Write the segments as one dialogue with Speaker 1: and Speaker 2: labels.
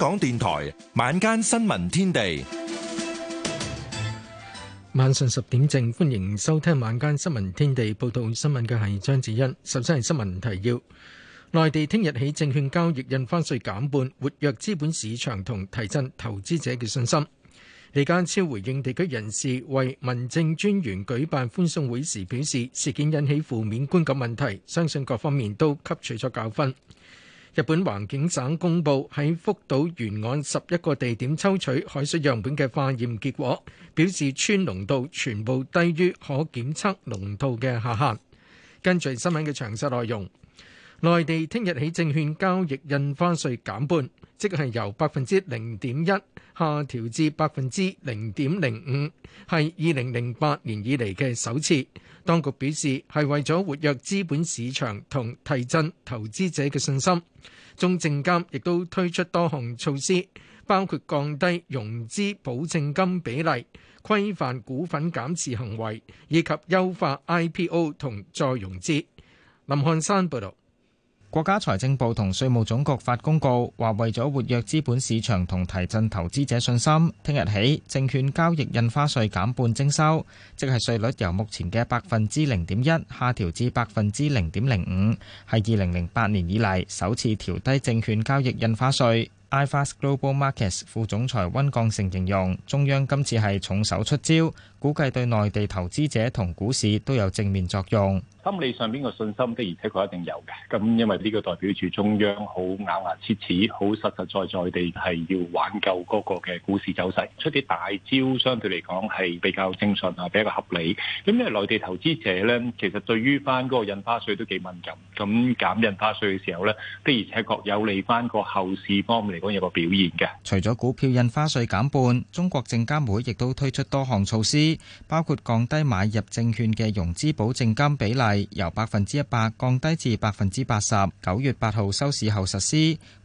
Speaker 1: 香港電台晚間新聞天地，
Speaker 2: 晚上十點正，歡迎收聽晚間新聞天地。報道新聞嘅係張子欣，首先係新聞提要：內地聽日起證券交易印花稅減半，活躍資本市場同提振投資者嘅信心。李家超回應地區人士為民政專員舉辦歡送會時表示，事件引起負面觀感問題，相信各方面都吸取咗教訓。日本環境省公布喺福島沿岸十一個地點抽取海水樣本嘅化驗結果，表示氚濃度全部低於可檢測濃度嘅下限。跟住新聞嘅詳細內容。內地聽日起，證券交易印花稅減半，即係由百分之零點一下調至百分之零點零五，係二零零八年以嚟嘅首次。當局表示係為咗活躍資本市場同提振投資者嘅信心。中證監亦都推出多項措施，包括降低融資保證金比例、規範股份減持行為以及優化 IPO 同再融資。林漢山報道。
Speaker 3: 國家財政部同稅務總局發公告，話為咗活躍資本市場同提振投資者信心，聽日起證券交易印花稅減半徵收，即係稅率由目前嘅百分之零點一下調至百分之零點零五，係二零零八年以嚟首次調低證券交易印花稅。iFast Global Markets 副總裁溫鋼成形容，中央今次係重手出招，估計對內地投資者同股市都有正面作用。
Speaker 1: 心理上邊嘅信心的而且確一定有嘅。咁因為呢個代表住中央好咬牙切齒，好實實在在地係要挽救嗰個嘅股市走勢出啲大招，相對嚟講係比較正常啊，比較合理。咁因為內地投資者咧，其實對於翻嗰個印花稅都幾敏感。咁減印花稅嘅時候咧，的而且確有利翻個後市方面嚟講有個表現嘅。
Speaker 3: 除咗股票印花稅減半，中國證監會亦都推出多項措施，包括降低買入證券嘅融資保證金比例。係由百分之一百降低至百分之八十，九月八號收市後實施。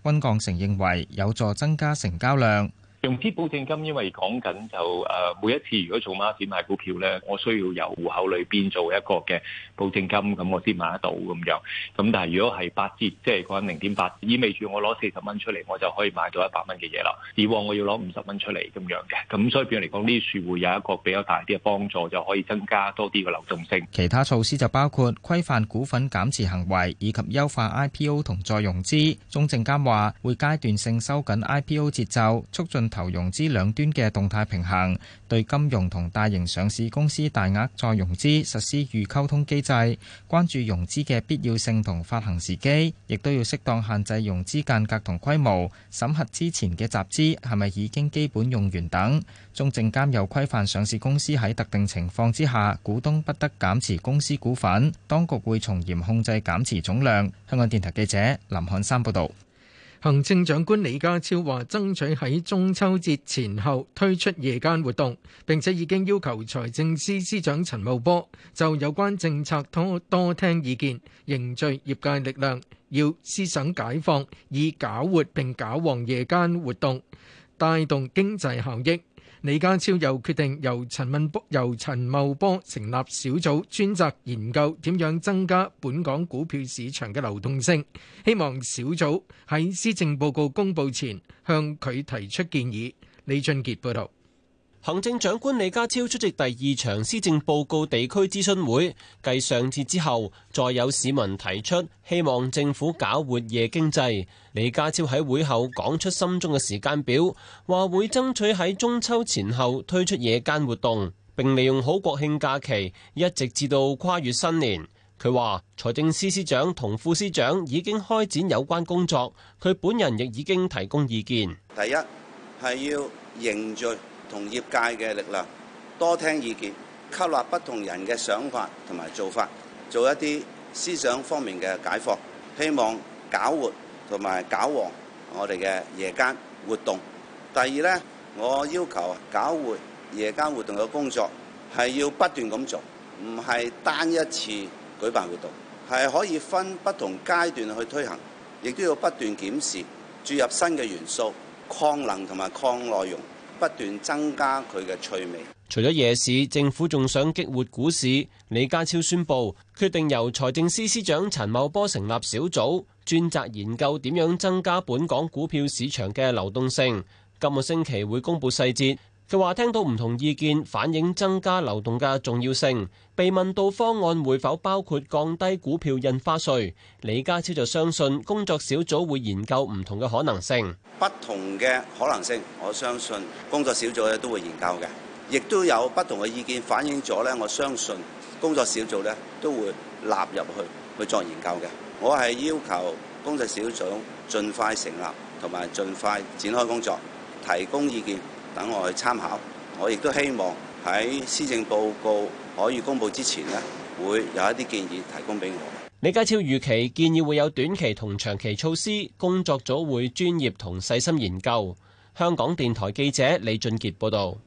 Speaker 3: 溫鋼城認為有助增加成交量。融資保
Speaker 1: 證金，因為講緊就誒，每一次如果做孖展買股票咧，我需要由戶口裏邊做一個嘅保證金，咁我先買得到咁樣。咁但係如果係八折，即係講零點八，意味住我攞四十蚊出嚟，我就可以買到一百蚊嘅嘢啦。以往我要攞五十蚊出嚟咁樣嘅，咁所以譬如嚟講呢啲樹會有一個比較大啲嘅幫助，就可以增加多啲嘅流
Speaker 3: 動性。其他措施就包括規範股份減持行為，以及優化 IPO 同再融資。中證監話會階段性收緊 IPO 節奏，促進。投融資兩端嘅動態平衡，對金融同大型上市公司大額再融資實施預溝通機制，關注融資嘅必要性同發行時機，亦都要適當限制融資間隔同規模，審核之前嘅集資係咪已經基本用完等。中證監又規範上市公司喺特定情況之下，股東不得減持公司股份，當局會從嚴控制減持總量。香港電台記者林漢山報導。行政長官李家超話：爭取喺中秋節前
Speaker 2: 後推出夜間活動，並且已經要求財政司司長陳茂波就有關政策多多聽意見，凝聚業界力量，要思想解放，以搞活並搞旺夜間活動，帶動經濟效益。李家超又決定由陳敏由陳茂波成立小組，專責研究點樣增加本港股票市場嘅流動性。希望小組喺施政報告公布前向佢提出建議。李
Speaker 4: 俊傑報道。行政長官李家超出席第二場施政報告地區諮詢會，繼上次之後，再有市民提出希望政府搞活夜經濟。李家超喺會後講出心中嘅時間表，話會爭取喺中秋前後推出夜間活動，並利用好國慶假期，一直至到跨越新年。佢話財政司司，司長同副司長已經開展有關工作，佢本人亦已經提供意見。
Speaker 5: 第一係要凝聚。同業界嘅力量，多聽意見，吸納不同人嘅想法同埋做法，做一啲思想方面嘅解放，希望搞活同埋搞旺我哋嘅夜間活動。第二呢，我要求搞活夜間活動嘅工作係要不斷咁做，唔係單一次舉辦活動，係可以分不同階段去推行，亦都要不斷檢視注入新嘅元素、擴能同埋擴內容。不斷增加佢嘅趣味。
Speaker 4: 除咗夜市，政府仲想激活股市。李家超宣布決定由財政司司長陳茂波成立小組，專責研究點樣增加本港股票市場嘅流動性。今個星期會公布細節。佢話聽到唔同意見，反映增加流動嘅重要性。被問到方案會否包括降低股票印花稅，李家超就相信工作小組會研究唔同嘅可能性。
Speaker 5: 不同嘅可能性，我相信工作小組咧都會研究嘅。亦都有不同嘅意見反映咗咧，我相信工作小組咧都會納入去去作研究嘅。我係要求工作小組盡快成立同埋盡快展開工作，提供意見。等我去參考，我亦都希望喺施政報告可以公布之前呢，會有一啲建議提供俾我。
Speaker 4: 李家超預期建議會有短期同長期措施，工作組會專業同細心研究。香港電台記者李俊傑報導。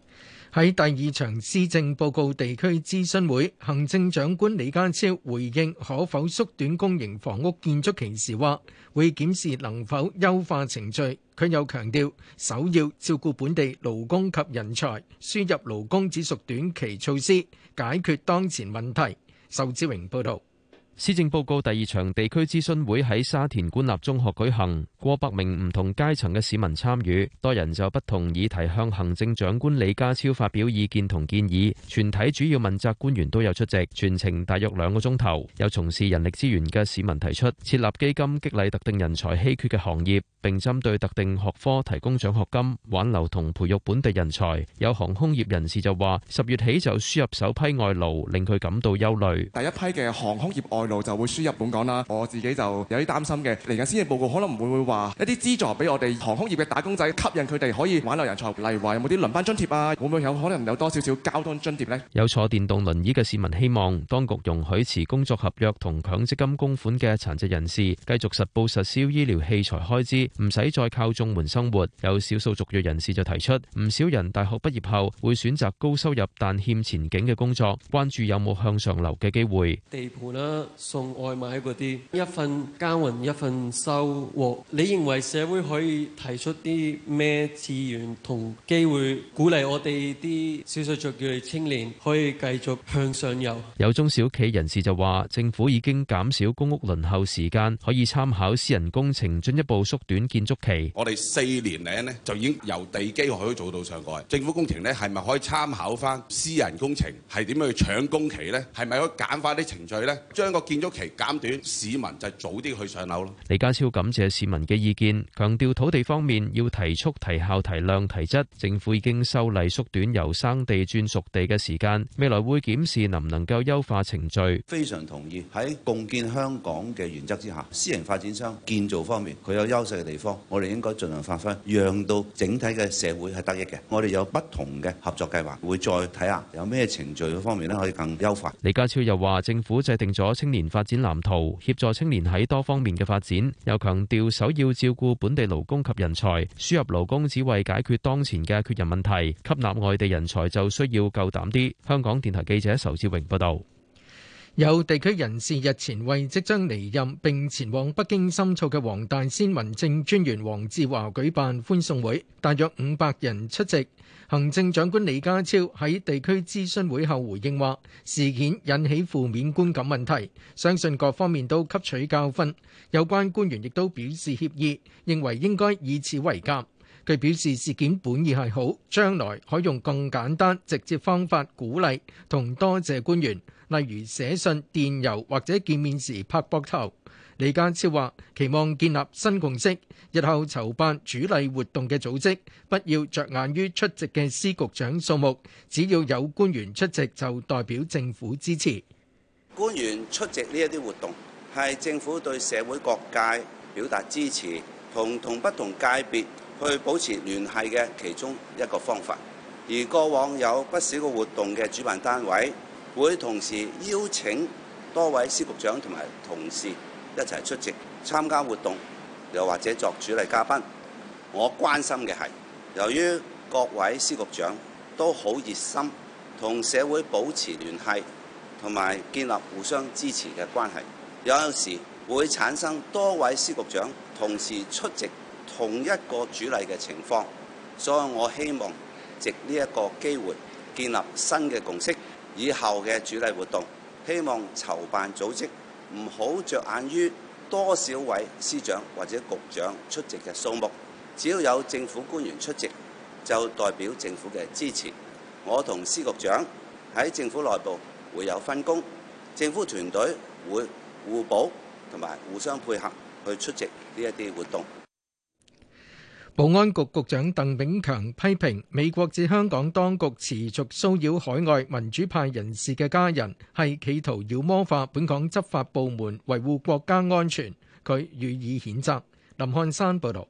Speaker 4: 喺第二場施政報告地區諮詢會，行
Speaker 2: 政長官李家超回應可否縮短公營房屋建築期時，話會檢視能否優化程序。佢又強調，首要照顧本地勞工及人才，輸入勞工只屬短期措施，解決當前問題。仇志榮報道。
Speaker 6: 施政報告第二場地區諮詢會喺沙田官立中學舉行，過百名唔同階層嘅市民參與，多人就不同議題向行政長官李家超發表意見同建議。全體主要問責官員都有出席，全程大約兩個鐘頭。有從事人力資源嘅市民提出設立基金激勵特定人才稀缺嘅行業，並針對特定學科提供獎學金，挽留同培育本地人才。有航空業人士就話，十月起就輸入首批外勞，令佢感到憂慮。
Speaker 7: 第一批嘅航空業外就會輸入本港啦。我自己就有啲擔心嘅。嚟緊先嘅報告可能唔會話一啲資助俾我哋航空業嘅打工仔，吸引佢哋可以挽留人才。例如話有冇啲輪班津貼啊？會唔會有可能有多少少交通津貼呢？
Speaker 6: 有坐電動輪椅嘅市民希望當局容許持工作合約同強積金供款嘅殘疾人士繼續實報實銷醫療器材開支，唔使再靠綜援生活。有少數族裔人士就提出，唔少人大學畢業後會選擇高收入但欠前景嘅工作，關注有冇向上流嘅機會。
Speaker 4: 地盤啦～送外賣嗰啲一份耕耘，一份收穫，你認為社會可以提出啲咩資源同機會，鼓勵我哋啲少數族裔嘅青年可以繼續向上遊？有
Speaker 6: 中小企人士就話：政府已經減少公屋輪候時間，可以參考私人工程進一步縮短建築期。
Speaker 5: 我哋四年嚟呢就已經由地基可以做到上蓋。政府工程呢，係咪可以參考翻私人工程係點樣去搶工期呢？係咪可以簡化啲程序呢？將個建築期減短，市民就早啲去上樓咯。
Speaker 6: 李家超感謝市民嘅意見，強調土地方面要提速、提效、提量、提質。政府已經修例縮短由生地轉熟地嘅時間，未來會檢視能唔能夠優化程序。
Speaker 5: 非常同意喺共建香港嘅原則之下，私人發展商建造方面佢有優勢嘅地方，我哋應該盡量發揮，讓到整體嘅社會係得益嘅。我哋有不同嘅合作計劃，會再睇下有咩程序方面咧可以更優化。
Speaker 6: 李家超又話：政府制定咗青年年發展藍圖，協助青年喺多方面嘅發展，又強調首要照顧本地勞工及人才。輸入勞工只為解決當前嘅缺人問題，吸納外地人才就需要夠膽啲。香港電台記者仇志榮報道。
Speaker 2: 有地區人士日前為即將離任並前往北京深造嘅黃大仙民政專員黃志華舉辦歡送會，大約五百人出席。行政長官李家超喺地區諮詢會後回應話：事件引起負面觀感問題，相信各方面都吸取教訓。有關官員亦都表示歉意，認為應該以此為鑑。佢表示事件本意係好，將來可用更簡單直接方法鼓勵，同多謝官員，例如寫信、電郵或者見面時拍膊頭。李家超話：期望建立新共識，日後籌辦主禮活動嘅組織，不要着眼於出席嘅司局長數目，只要有官員出席就代表政府支持。
Speaker 5: 官員出席呢一啲活動，係政府對社會各界表達支持，同同不同界別，去保持聯繫嘅其中一個方法，而過往有不少嘅活動嘅主辦單位會同時邀請多位司局長同埋同事一齊出席參加活動，又或者作主禮嘉賓。我關心嘅係，由於各位司局長都好熱心同社會保持聯繫，同埋建立互相支持嘅關係，有陣時會產生多位司局長同時出席同一個主禮嘅情況，所以我希望藉呢一個機會建立新嘅共識。以後嘅主禮活動，希望籌辦組織唔好着眼於多少位司長或者局長出席嘅數目，只要有政府官員出席，就代表政府嘅支持。我同司局長喺政府內部會有分工，政府團隊會互補同埋互相配合去出席呢一啲活動。
Speaker 2: 保安局局長鄧炳強批評美國指香港當局持續騷擾海外民主派人士嘅家人，係企圖妖魔化本港執法部門維護國家安全，佢予以譴責。林漢山報道。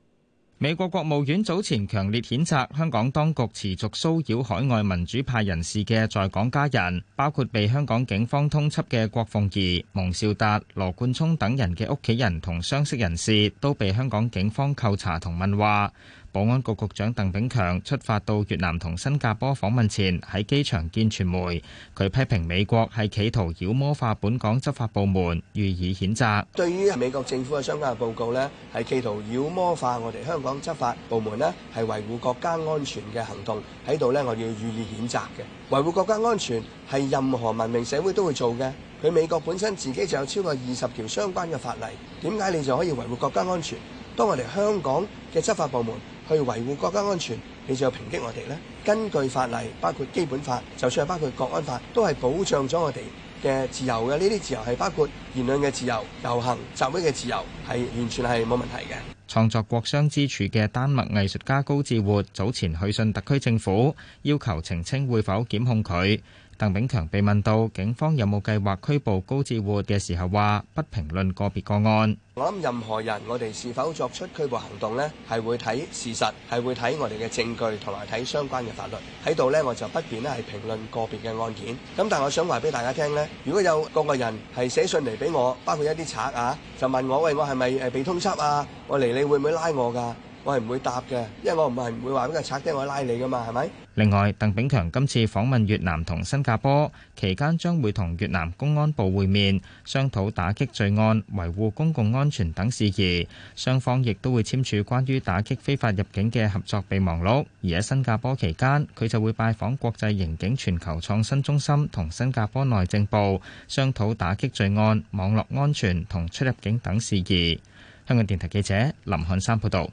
Speaker 3: 美國國務院早前強烈譴責香港當局持續騷擾海外民主派人士嘅在港家人，包括被香港警方通緝嘅郭鳳儀、蒙兆達、羅冠聰等人嘅屋企人同相識人士，都被香港警方扣查同問話。保安局局長鄧炳強出發到越南同新加坡訪問前，喺機場見傳媒，佢批評美國係企圖妖魔化本港執法部門，予以譴責。
Speaker 8: 對於美國政府嘅相關嘅報告咧，係企圖妖魔化我哋香港執法部門咧，係維護國家安全嘅行動喺度咧，我哋要予以譴責嘅。維護國家安全係任何文明社會都會做嘅。佢美國本身自己就有超過二十條相關嘅法例，點解你就可以維護國家安全？當我哋香港嘅執法部門。去維護國家安全，你就要抨擊我哋咧？根據法例，包括基本法，就算係包括國安法，都係保障咗我哋嘅自由嘅。呢啲自由係包括言論嘅自由、遊行集會嘅自由，係完全係冇問題嘅。
Speaker 3: 創作國殤之柱嘅丹麥藝術家高志活早前去信特區政府，要求澄清會否檢控佢。鄧炳強被問到警方有冇計劃拘捕高志活嘅時候，話不評論個別個案。我
Speaker 8: 諗任何人，我哋是否作出拘捕行動呢，係會睇事實，係會睇我哋嘅證據同埋睇相關嘅法律喺度呢。我就不便呢係評論個別嘅案件。咁但係我想話俾大家聽呢，如果有個個人係寫信嚟俾我，包括一啲賊啊，就問我喂，我係咪誒被通緝啊？我嚟你會唔會拉我噶？我係唔會答嘅，因為我唔係唔會話俾個賊聽，我拉你㗎嘛，係咪？
Speaker 3: 另外，鄧炳強今次訪問越南同新加坡期間，將會同越南公安部會面，商討打擊罪案、維護公共安全等事宜。雙方亦都會簽署關於打擊非法入境嘅合作備忘錄。而喺新加坡期間，佢就會拜訪國際刑警全球創新中心同新加坡內政部，商討打擊罪案、網絡安全同出入境等事宜。香港電台記者林漢山報道。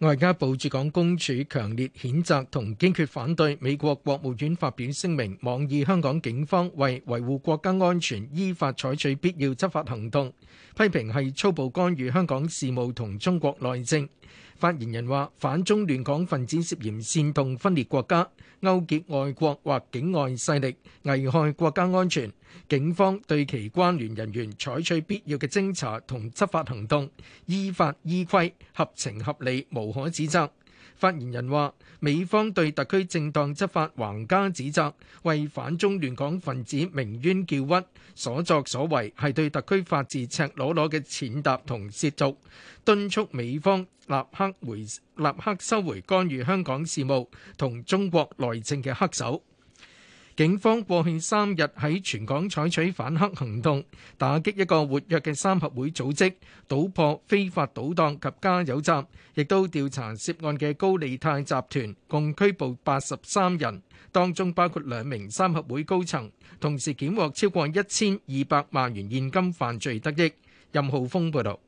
Speaker 2: 外交部駐港公署強烈譴責同堅決反對美國國務院發表聲明，妄議香港警方為維護國家安全，依法採取必要執法行動，批評係粗暴干預香港事務同中國內政。發言人話：反中亂港分子涉嫌煽動分裂國家、勾結外國或境外勢力，危害國家安全。警方對其關聯人員採取必要嘅偵查同執法行動，依法依規、合情合理，無可指責。發言人話：美方對特區正當執法橫加指責，為反中亂港分子鳴冤叫屈，所作所為係對特區法治赤裸裸嘅踐踏同褻瀆，敦促美方立刻回立刻收回干預香港事務同中國內政嘅黑手。警方過去三日喺全港採取反黑行動，打擊一個活躍嘅三合會組織，搗破非法賭檔及加油站，亦都調查涉案嘅高利貸集團，共拘捕八十三人，當中包括兩名三合會高層，同時檢獲超過一千二百萬元現金犯罪得益。任浩峰報道。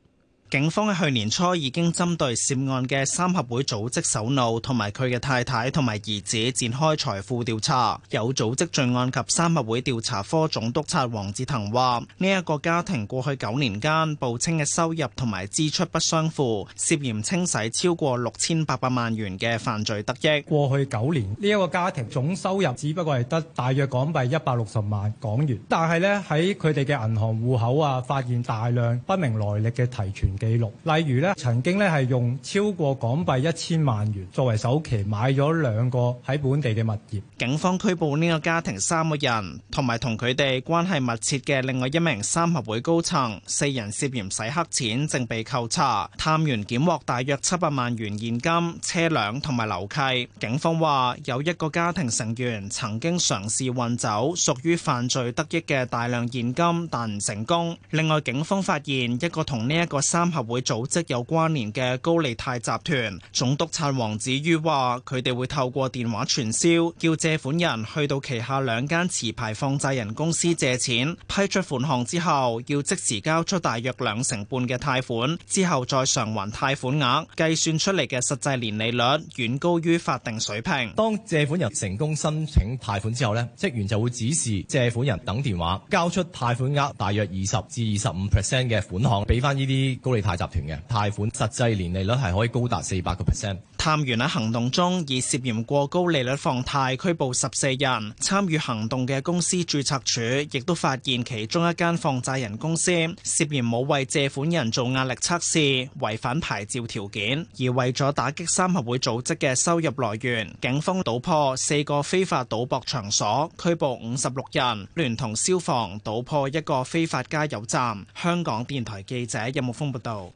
Speaker 7: 警方喺去年初已經針對涉案嘅三合會組織首腦同埋佢嘅太太同埋兒子展開財富調查。有組織罪案及三合會調查科總督察黃志騰話：呢一個家庭過去九年間報稱嘅收入同埋支出不相符，涉嫌清洗超過六千八百萬元嘅犯罪得益。過去九年，
Speaker 1: 呢一個家庭總收入只不過係得大約港幣一百六十萬港元，但係呢，喺佢哋嘅銀行戶口啊，發現大量不明來歷嘅提存。記錄，例如咧，曾經咧係用超過港幣一千萬元作為首期買咗兩個喺本地嘅物業。
Speaker 7: 警方拘捕呢個家庭三個人，同埋同佢哋關係密切嘅另外一名三合會高層，四人涉嫌洗黑錢，正被扣查。探員檢獲大約七百萬元現金、車輛同埋樓契。警方話有一個家庭成員曾經嘗試運走屬於犯罪得益嘅大量現金，但唔成功。另外，警方發現一個同呢個三合會組織有關聯嘅高利貸集團，總督察王子瑜話：佢哋會透過電話傳銷，叫借款人去到旗下兩間持牌放債人公司借錢，批出款項之後，要即時交出大約兩成半嘅貸款，之後再償還貸款額，計算出嚟嘅實際年利率遠高於法定水平。當借款人成功申請貸款之後咧，職員就會指示借款人等電話，交出貸款額大約二十至二十五 percent 嘅款項，俾翻呢啲高利貸集團嘅貸款實際年利率係可以高達四百個 percent。探員喺行動中以涉嫌過高利率放貸拘捕十四人。參與行動嘅公司註冊處亦都發現其中一間放債人公司涉嫌冇為借款人做壓力測試，違反牌照條件。而為咗打擊三合會組織嘅收入來源，警方搗破四個非法賭博場所，拘捕五十六人，聯同消防搗破
Speaker 2: 一個非法加油站。香港電台記者任木峰報道。道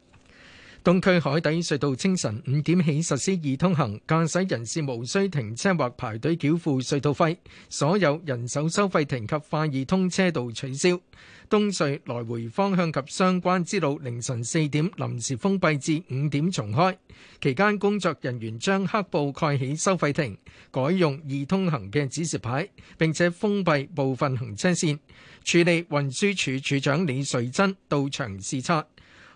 Speaker 2: 東區海底隧道清晨五點起實施易通行，駕駛人士無需停車或排隊繳付隧道費，所有人手收費亭及快易通車道取消。東隧來回方向及相關之路凌晨四點臨時封閉至五點重開，期間工作人員將黑布蓋起收費亭，改用易通行嘅指示牌，並且封閉部分行車線。處理運輸署署署長李瑞珍到場視察。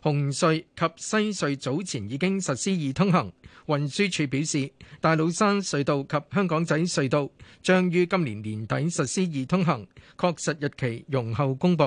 Speaker 2: 紅隧及西隧早前已經實施易通行，運輸署表示大老山隧道及香港仔隧道將於今年年底實施易通行，確實日期容後公布，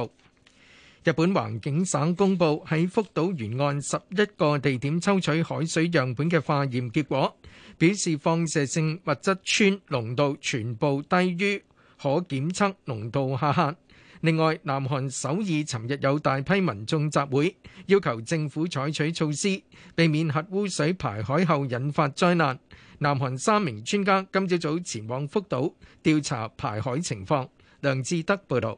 Speaker 2: 日本環境省公布喺福島沿岸十一個地點抽取海水樣本嘅化驗結果，表示放射性物質氚濃度全部低於可檢測濃度下限。另外，南韓首爾尋日有大批民眾集會，要求政府採取措施，避免核污水排海後引發災難。南韓三名專家今朝早
Speaker 1: 前往福島調查排海情況。梁志德報導。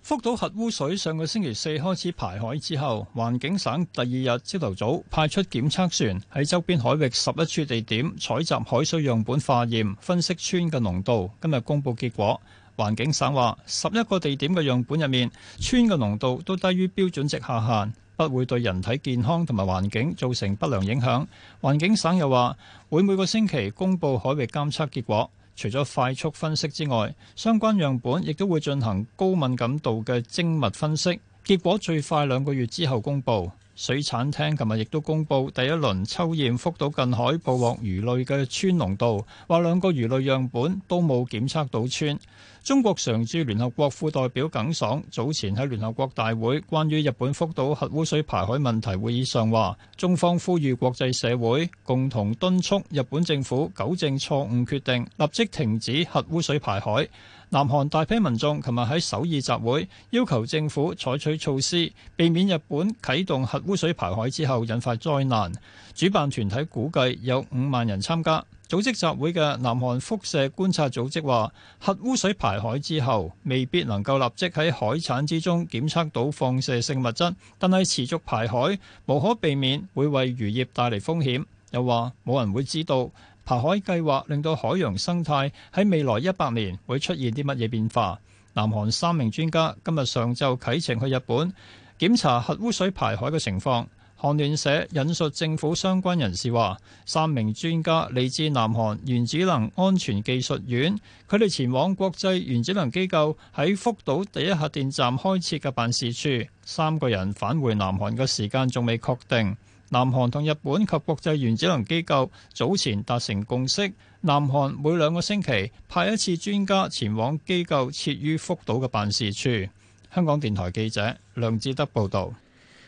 Speaker 1: 福島核污水上個星期四開始排海之後，環境省第二日朝頭早派出檢測船喺周邊海域十一處地點採集海水樣本，化驗分析氚嘅濃度，今日公布結果。環境省話，十一個地點嘅樣本入面，氚嘅濃度都低於標準值下限，不會對人體健康同埋環境造成不良影響。環境省又話，會每個星期公布海域監測結果。除咗快速分析之外，相關樣本亦都會進行高敏感度嘅精密分析，結果最快兩個月之後公布。水產廳昨日亦都公布第一輪抽驗福島近海捕獲魚類嘅氚濃度，話兩個魚類樣本都冇檢測到氚。中國常駐聯合國副代表耿爽早前喺聯合國大會關於日本福島核污水排海問題會議上話，中方呼籲國際社會共同敦促日本政府糾正錯誤決定，立即停止核污水排海。南韓大批民眾琴日喺首爾集會，要求政府採取措施，避免日本啟動核污水排海之後引發災難。主辦團體估計有五萬人參加。組織集會嘅南韓輻射觀察組織話：核污水排海之後，未必能夠立即喺海產之中檢測到放射性物質，但係持續排海無可避免會為漁業帶嚟風險。又話冇人會知道。排海計劃令到海洋生態喺未來一百年會出現啲乜嘢變化？南韓三名專家今日上晝啟程去日本檢查核污水排海嘅情況。韓聯社引述政府相關人士話，三名專家嚟自南韓原子能安全技術院，佢哋前往國際原子能機構喺福島第一核電站開設嘅辦事處。三個人返回南韓嘅時間仲未確定。南韓同日本及國際原子能機構早前達成共識，南韓每兩個星期派一次專家前往機構設於福島嘅辦事處。香港電台記者梁志德報導。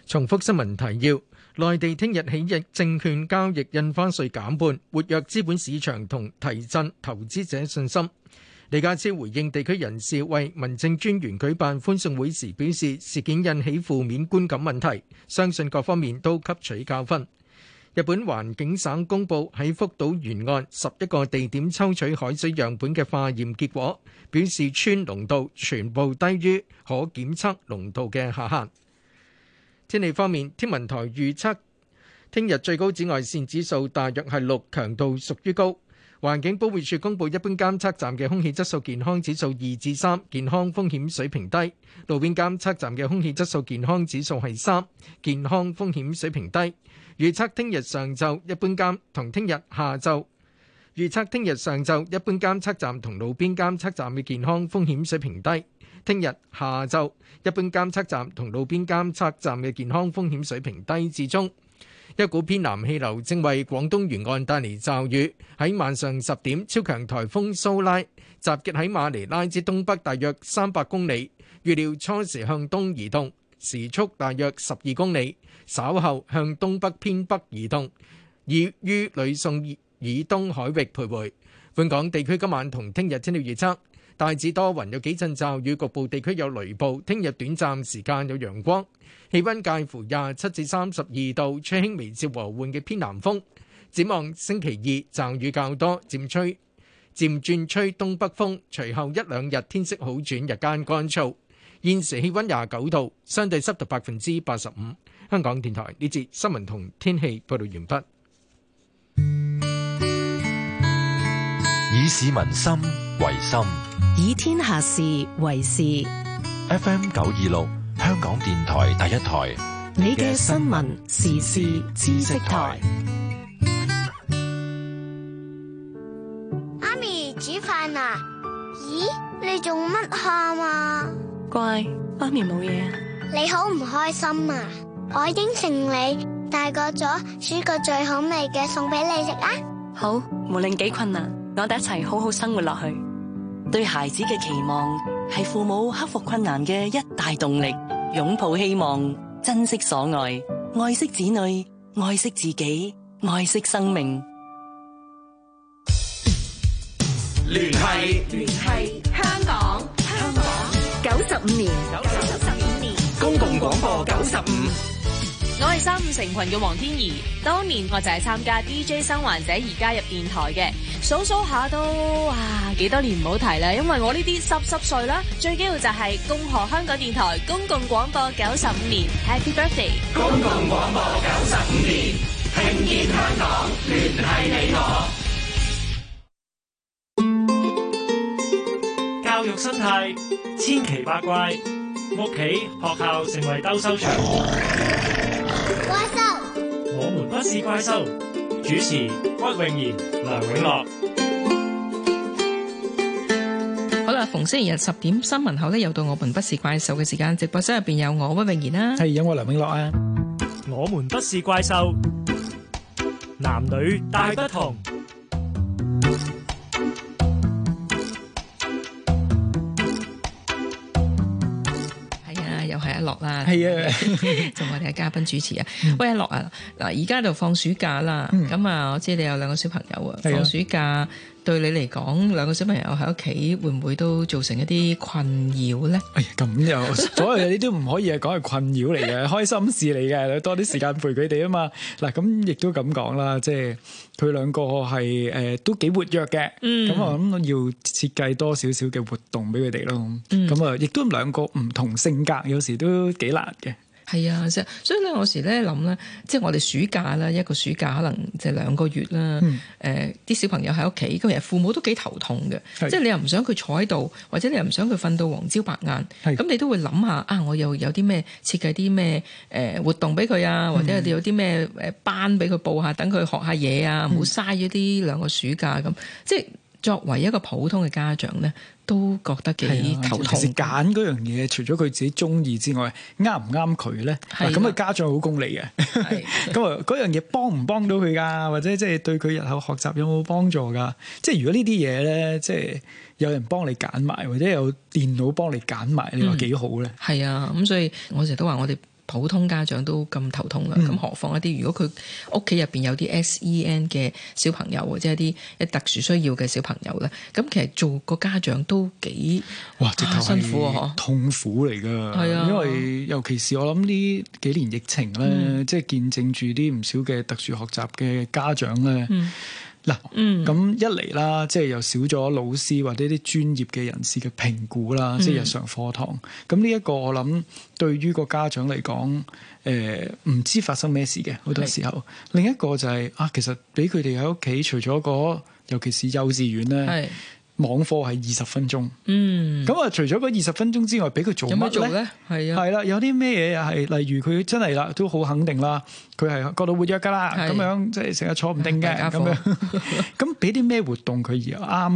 Speaker 1: 重複新聞提要：內地
Speaker 2: 聽日起，日證券交易印花稅減半，活躍資本市場同提振投資者信心。李家超回應地區人士為民政專員舉辦歡送會時表示，事件引起負面觀感問題，相信各方面都吸取教訓。日本環境省公布喺福島沿岸十一個地點抽取海水樣本嘅化驗結果，表示氚濃度全部低於可檢測濃度嘅下限。天氣方面，天文台預測聽日最高紫外線指數大約係六，強度屬於高。環境保護署公布一般監測站嘅空氣質素健康指數二至三，健康風險水平低；路邊監測站嘅空氣質素健康指數係三，健康風險水平低。預測聽日上晝一般監同聽日下晝預測聽日上晝一般監測站同路邊監測站嘅健康風險水平低；聽日下晝一般監測站同路邊監測站嘅健康風險水平低至中。一股偏南氣流正為廣東沿岸帶嚟驟雨。喺晚上十點，超強颱風蘇拉集結喺馬尼拉至東北大約三百公里，預料初時向東移動，時速大約十二公里，稍後向東北偏北移動，以於呂宋以東海域徘徊。本港地區今晚同聽日天氣預測。大致多雲，有幾陣驟雨，局部地區有雷暴。聽日短暫時間有陽光，氣溫介乎廿七至三十二度，吹輕微至和緩嘅偏南風。展望星期二驟雨較多，漸吹漸轉吹東北風，隨後一兩日天色好轉，日間乾燥。現時氣溫廿九度，相對濕度百分之八十五。香港電台呢節新聞同天氣報道完畢。以
Speaker 4: 市民心為心。
Speaker 2: 以天下事為事。
Speaker 4: F. M. 九二六香港電台第一台，
Speaker 7: 你嘅新聞時事
Speaker 2: 知識台。
Speaker 9: 媽咪煮飯呀？咦，你做乜喊呀？乖，媽咪冇嘢。你好唔開心啊！我應承你，大個咗，煮個最好味嘅餸俾你食啦。好，無論幾困難，我哋一齊好好生活落去。對孩子嘅期望係，父母克服困難嘅一
Speaker 7: 大動力。擁抱希望，珍惜所愛，愛惜子女，
Speaker 9: 愛惜自己，愛惜生命。
Speaker 5: 聯繫，聯繫，
Speaker 9: 香港，香港，九十五年，九十五年，年，
Speaker 7: 年，
Speaker 9: 年，年
Speaker 7: 公共廣播九十五。95.
Speaker 9: 我係三五成群嘅黃天
Speaker 2: 怡，
Speaker 6: 當年我就係參加 DJ 生還者而加入電台嘅，數數下都哇幾多年唔好提啦，因為我呢啲濕濕碎啦，最緊要就係恭賀香港電台公共廣播九十五年 Happy Birthday！公
Speaker 4: 共廣播九十五年，聽見香港聯繫你我，
Speaker 10: 教育生態千奇百怪，屋企學校成為兜收場。怪獸，我們不是怪獸。主持屈穎賢、梁永樂。
Speaker 9: 好啦，逢星期日十點新聞後咧，又到我們不是怪獸嘅時間。直播室入邊有我屈穎賢啦，係有我梁永樂啊。我們
Speaker 10: 不是怪獸，
Speaker 7: 男女大不同。
Speaker 9: 樂啦，係啊，做 我哋嘅嘉賓主持啊。 喂，一樂啊，嗱，而家就放暑假啦。咁 啊，我知你有兩個小朋友啊，放暑假。 對你嚟講，兩個小朋友喺屋企會唔會都造成一啲困擾咧？哎呀，咁
Speaker 10: 又所有嘢你都唔可以係講係困擾嚟嘅，開心事嚟嘅，多啲時間陪佢哋啊嘛。嗱，咁亦都咁講啦，即係佢兩個係誒都幾活躍嘅，咁啊我諗要設計多少少嘅活動俾佢哋咯。咁啊，亦都兩個唔同性格，有時都幾難嘅。
Speaker 9: 係啊，即所以咧，我時咧諗咧，即係我哋暑假啦，一個暑假可能就係兩個月啦，誒啲、嗯呃、小朋友喺屋企，咁其實父母都幾頭痛嘅，是 即係你又唔想佢坐喺度，或者你又唔想佢瞓到黃朝白晏，咁是 你都會諗下啊，我又有啲咩設計啲咩誒活動俾佢啊，或者有啲咩誒班俾佢報下，等佢學下嘢啊，唔好嘥咗啲兩個暑假咁，即係。作為一個普通嘅家長咧，都覺得幾頭痛。
Speaker 10: 揀嗰、啊、其實樣嘢，除咗佢自己中意之外，啱唔啱佢咧？咁的啊，家長好功利嘅。咁 啊的，樣嘢幫唔幫到佢噶？或者即係對佢日後學習有冇幫助噶？即係如果呢啲嘢咧，即係有人幫你揀埋，或者有電腦幫你揀埋，你話幾好咧？
Speaker 9: 係啊、嗯，咁所以我成日都話我哋。普通家長都咁頭痛啦，咁、嗯、何況一啲如果佢屋企入邊有啲 SEN 嘅小朋友或者一啲一特殊需要嘅小朋友嘅，咁其實做個家長都幾哇辛苦啊，痛苦嚟㗎，哎、呀 因
Speaker 10: 為尤其是我諗呢幾年疫情咧，嗯、即係見證住啲唔少嘅特殊學習嘅家長咧。嗯嗯嗱，咁、嗯、一嚟啦，即係又少咗老師或者啲專業嘅人士嘅評估啦，即係日常課堂。咁呢一個我諗對於個家長嚟講，誒、呃、唔知發生咩事嘅好多時候。是另一個就係、是、啊，其實俾佢哋喺屋企，除咗、那個個尤其是幼稚園咧。網課係二十分鐘，咁啊、嗯、除咗個二十分鐘之外，俾佢做乜做咧？係啊，係啦，有啲咩嘢係，例如佢真係啦，都好肯定啦，佢係過度活躍噶啦，咁樣即係成日坐唔定嘅咁樣，咁俾啲咩活動佢而啱？ 啊